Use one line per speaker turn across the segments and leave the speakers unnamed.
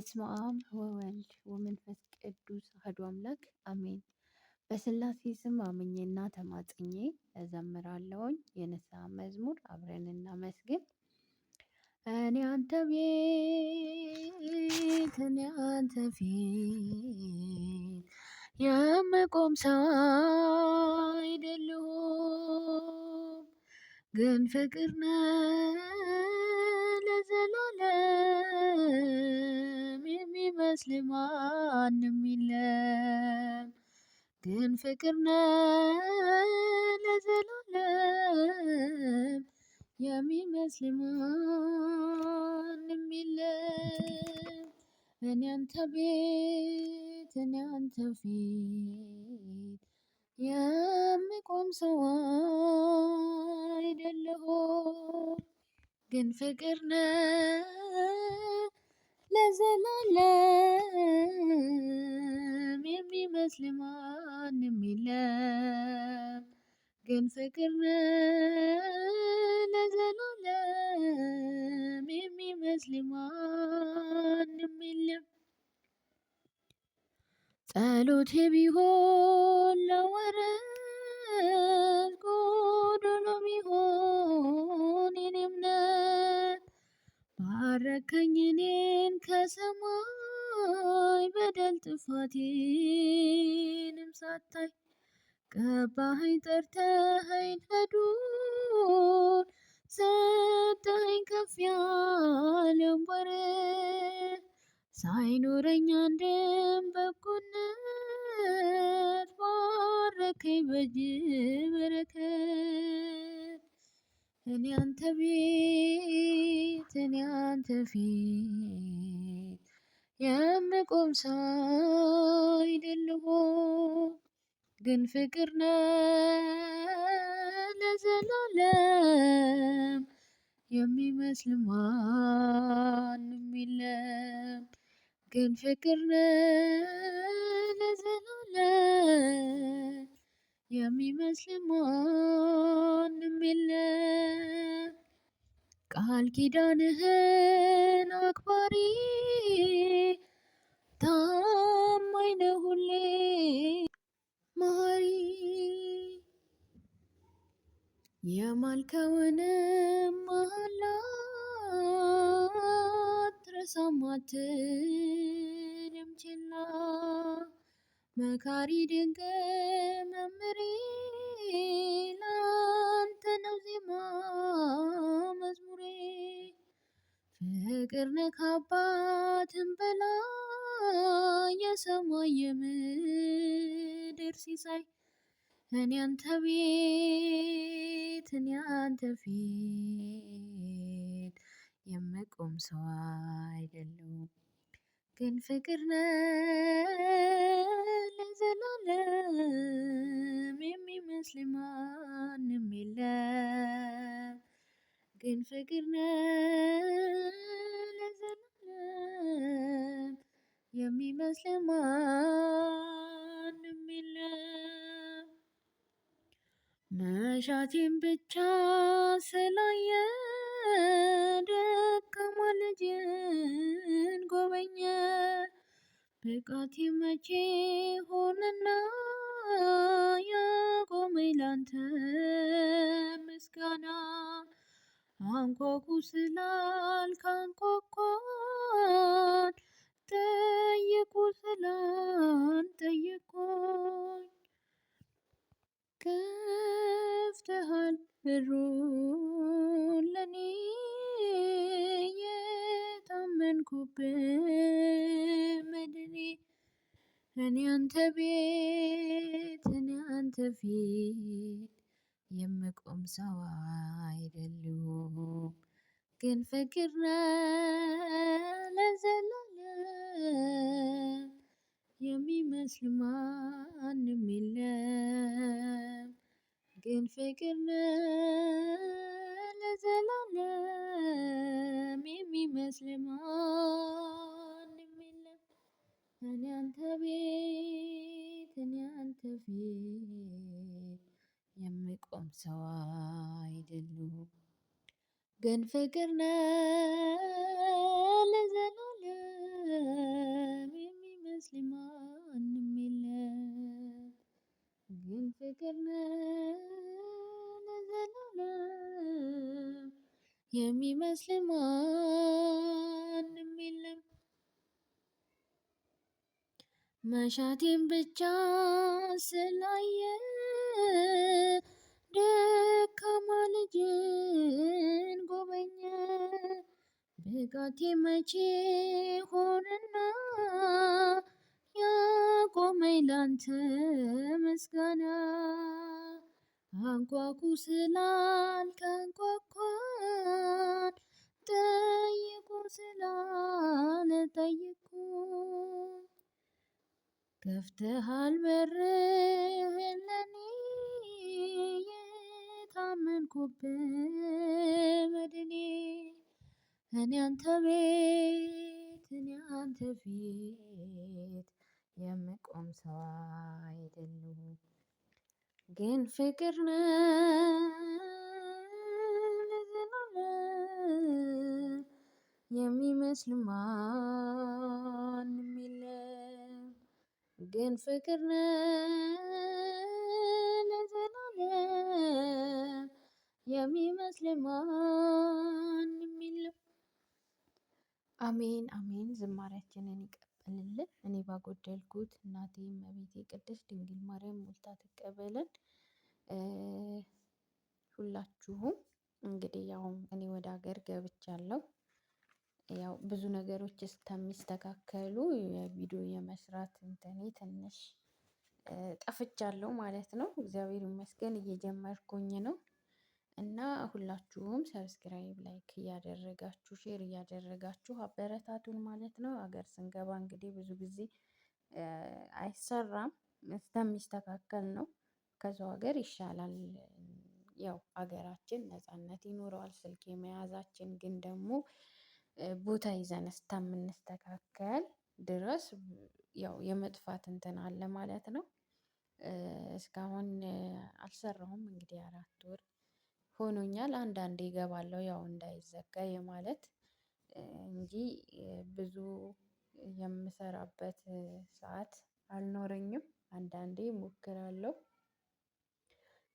በስመ አብ ወወልድ ወመንፈስ ቅዱስ አሐዱ አምላክ አሜን። በስላሴ ስም አምኜና ተማጽኜ እዘምራለሁኝ። የንስሐ መዝሙር አብረን እናመስግን። እኔ አንተ ቤት እኔ አንተ ፊት የምቆም ሰው አይደለሁም፣ ግን ፍቅር ነህ ለዘላለም ሲመስል ማንም የለም፣ ግን ፍቅር ነህ ለዘላለም የሚመስል ማንም የለም። እኔ አንተ ቤት እኔ አንተ ፊት የምቆም ሰው አይደለሁም፣ ግን ፍቅር ነው። ለዘላለም የሚመስል ማንም የለም። ግን ፍቅር ለዘላለም የሚመስል ማንም የለም። ጸሎቴ ቢሆን ለወረት ጎዶሎ ቢሆን የኔ እምነት ባረከኝ እኔ ከሰማይ በደል ጥፋቴንም ሳታይ ቀባኸኝ ጠርተኸኝ ለዱር ሰጠኸኝ ከፍ ያለ ወንበር ሳይኖረኝ አንድም በጎነት ባረከኝ በእጅ በረከት እኔ አንተ ቤት እኔ አንተ ፊት የምቆም ሰው አይደለሁም። ግን ፍቅር ነህ ለዘላለም የሚመስል ማንም የለም። ግን ፍቅር ነህ ለዘላለም የሚመስል ማንም የለም። ቃል ኪዳንህን አክባሪ ታማኝ ነህ ሁሌ መሐሪ የማልከውንም መሐላ አትረሳም ችላ መካሪ ድንቅ የሰማይ የምድር ሲሳይ እኔ አንተ ቤት እኔ አንተ ፊት የምቆም ሰው አይደለሁም፣ ግን ፍቅር ነህ ለዘላለም የሚመስል ማንም የለም፣ ግን ፍቅር ነህ ራስ ለማንም የለም። መሻቴን ብቻ ስላየ ደካማ ልጅን ጎበኘ። ብቃቴ መቼ ሆነና ያቆመኝ ላንተ ምስጋና አንኳኩ ስላል ካንኳኳ ብሩን ለኔ የታመንኩብህ መድኔ እኔ አንተ ቤት እኔ አንተ ፊት የምቆም ሰው አይደለሁም፣ ግን ፍቅር ለዘላለም የሚመስል ማንም የለም። ግን ፍቅር ለዘላለም የሚመስል ማንም የለም። እኔ አንተ ቤት እኔ አንተ ፊት የምቆም ሰው አይደሉም። ግን ፍቅር ነው የሚመስል ማንም የለም። መሻቴን ብቻ ስላየ ደካማ ልጅን ጎበኘ። ብቃቴ መቼ ሆነና ያቆመኝ ላንተ ምስጋና አንኳኩ ስላልከ አንኳኳ ጠይቁ ስላለ ጠይቁ ከፍተሃል በርህን ለኔ የታመንኩብህ መድኔ እኔ አንተ ቤት እኔ አንተ ፊት የምቆም ሰው አይደለሁም፣ ግን ፍቅር ነህ የሚመስል ማንም የለም። ግን ፍቅር ነህ ለዘላለም የሚመስል ማንም የለም።
አሜን አሜን። ዝማሬያችንን ይቀበልልን። እኔ ባጎደልኩት እናቴ እመቤቴ ቅድስት ድንግል ማርያም ሞልታ ትቀበለን። ሁላችሁም እንግዲህ ያው እኔ ወደ ሀገር ገብቻለሁ ያው ብዙ ነገሮች እስከሚስተካከሉ የቪዲዮ የመስራት እንትኔ ትንሽ ጠፍቻለሁ ማለት ነው። እግዚአብሔር ይመስገን እየጀመርኩኝ ነው። እና ሁላችሁም ሰብስክራይብ ላይክ እያደረጋችሁ ሼር እያደረጋችሁ አበረታቱን ማለት ነው። ሀገር ስንገባ እንግዲህ ብዙ ጊዜ አይሰራም እስከሚስተካከል ነው። ከሰው ሀገር ይሻላል። ያው ሀገራችን ነጻነት ይኖረዋል። ስልክ የመያዛችን ግን ደግሞ ቦታ ይዘን እስከምንስተካከል ድረስ ያው የመጥፋት እንትን አለ ማለት ነው። እስካሁን አልሰራሁም እንግዲህ አራት ወር ሆኖኛል አንዳንዴ እገባለሁ ያው እንዳይዘጋ የማለት እንጂ ብዙ የምሰራበት ሰዓት አልኖረኝም አንዳንዴ ሞክራለሁ።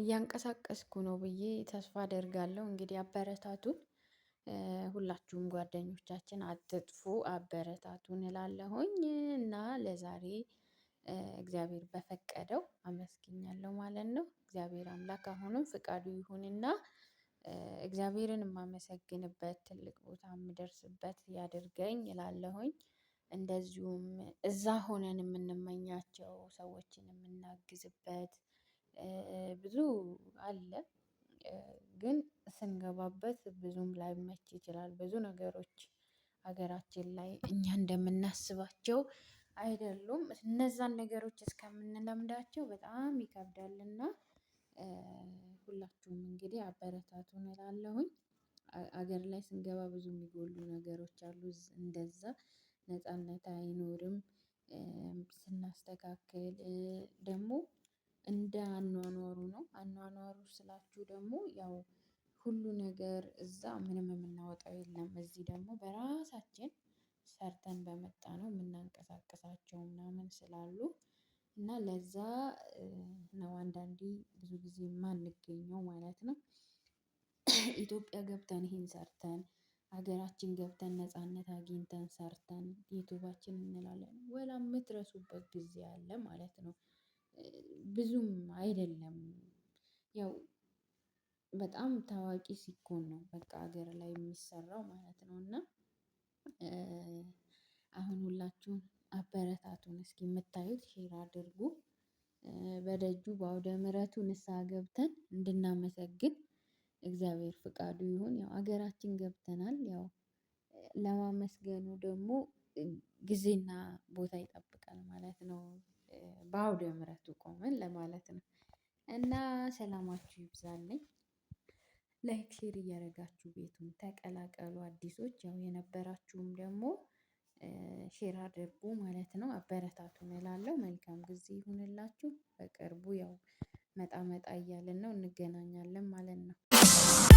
እያንቀሳቀስኩ ነው ብዬ ተስፋ አደርጋለሁ እንግዲህ አበረታቱን ሁላችሁም ጓደኞቻችን አትጥፉ፣ አበረታቱን እላለሁኝ እና ለዛሬ እግዚአብሔር በፈቀደው አመስግኛለሁ ማለት ነው። እግዚአብሔር አምላክ አሁንም ፍቃዱ ይሁንና እግዚአብሔርን የማመሰግንበት ትልቅ ቦታ የምደርስበት ያድርገኝ እላለሁኝ። እንደዚሁም እዛ ሆነን የምንመኛቸው ሰዎችን የምናግዝበት ብዙ አለ ግን ስንገባበት ብዙም ላይመች ይችላል። ብዙ ነገሮች ሀገራችን ላይ እኛ እንደምናስባቸው አይደሉም። እነዛን ነገሮች እስከምንለምዳቸው በጣም ይከብዳልና ሁላችሁም እንግዲህ አበረታቱን እላለሁኝ። ሀገር ላይ ስንገባ ብዙ የሚጎሉ ነገሮች አሉ እንደዛ ነጻነት አይኖርም። ስናስተካክል ስላችሁ ደግሞ ያው ሁሉ ነገር እዛ ምንም የምናወጣው የለም። እዚህ ደግሞ በራሳችን ሰርተን በመጣ ነው የምናንቀሳቀሳቸው ምናምን ስላሉ እና ለዛ ነው አንዳንዴ ብዙ ጊዜ የማንገኘው ማለት ነው። ኢትዮጵያ ገብተን ይህን ሰርተን ሀገራችን ገብተን ነጻነት አግኝተን ሰርተን ዩቲዩባችን እንላለን ወላ የምትረሱበት ጊዜ አለ ማለት ነው። ብዙም አይደለም ያው በጣም ታዋቂ ሲኮን ነው በቃ ሀገር ላይ የሚሰራው ማለት ነው። እና አሁን ሁላችሁም አበረታቱን እስኪ የምታዩት ሼር አድርጉ። በደጁ በአውደ ምረቱ ንሳ ገብተን እንድናመሰግን እግዚአብሔር ፍቃዱ ይሁን። ያው ሀገራችን ገብተናል ያው ለማመስገኑ ደግሞ ጊዜና ቦታ ይጠብቃል ማለት ነው። በአውደ ምረቱ ቆመን ለማለት ነው እና ሰላማችሁ ይብዛልኝ። ላይክ ሼር እያደረጋችሁ ቤቱን ተቀላቀሉ። አዲሶች ያው የነበራችሁም ደግሞ ሼር አድርጉ ማለት ነው። አበረታቱን እላለሁ። መልካም ጊዜ ይሁንላችሁ። በቅርቡ ያው መጣ መጣ እያለን ነው፣ እንገናኛለን ማለት ነው።